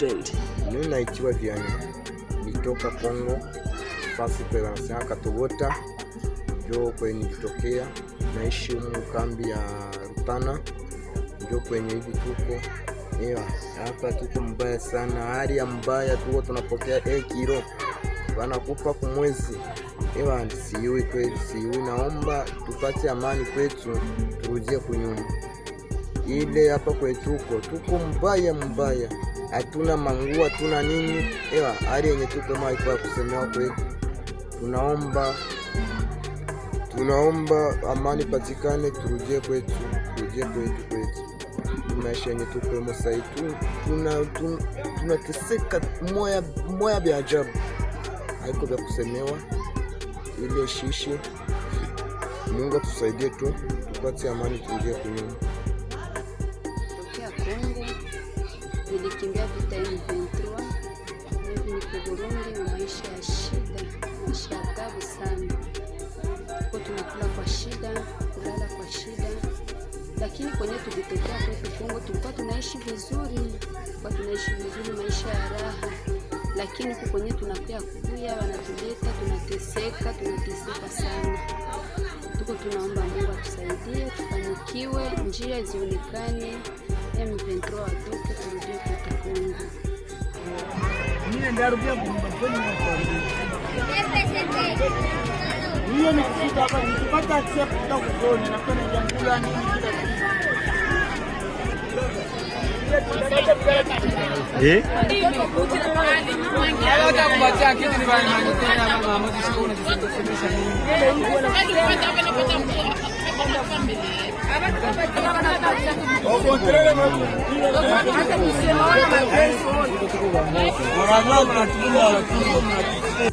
happened? Mimi naitwa vyani nitoka Kongo fasi Pelansia Katogota njo kwenye nilitokea, naishi humu kambi ya Rutana, njo kwenye hivi tuko Ewa, hapa, tuko mbaya sana, hali ya mbaya, tuko tunapokea eh, kilo wanakufa kumwezi ewa, siyui kwetu, siyui. Naomba tupate amani kwetu, turudie kunyuma ile hapa kwetuko, tuko mbaya mbaya hatuna manguo, hatuna nini, ewa hali yenye tuko maiko ya kusemewa kweli. Tunaomba, tunaomba amani patikane, turudie kwetu, turudie kwetu kwetu maisha yenye tuko sai, tunateseka tuna moya moya vya ajabu, haiko vya kusemewa, ile shishi. Mungu tusaidie tu, tupate amani, turudie kunyuma. Nilikimbia vita M23, niko Burundi, maisha ya shida, maisha ya tabu sana, ko tunakula kwa shida, kulala kwa shida, lakini kwenye tulitokea kwetu Kongo tulikuwa tunaishi vizuri, kwa tunaishi vizuri, maisha ya raha, lakini huko kwenye tunakuya kuya, wanatuleta tunateseka, tunateseka sana. Tuko tunaomba Mungu atusaidie, tufanikiwe, njia zionekane hiyo nikifika hapa nikipata accept kutoka na kwenda jamhuri Eh? Müslümanım ben. Oranlar bıraktım.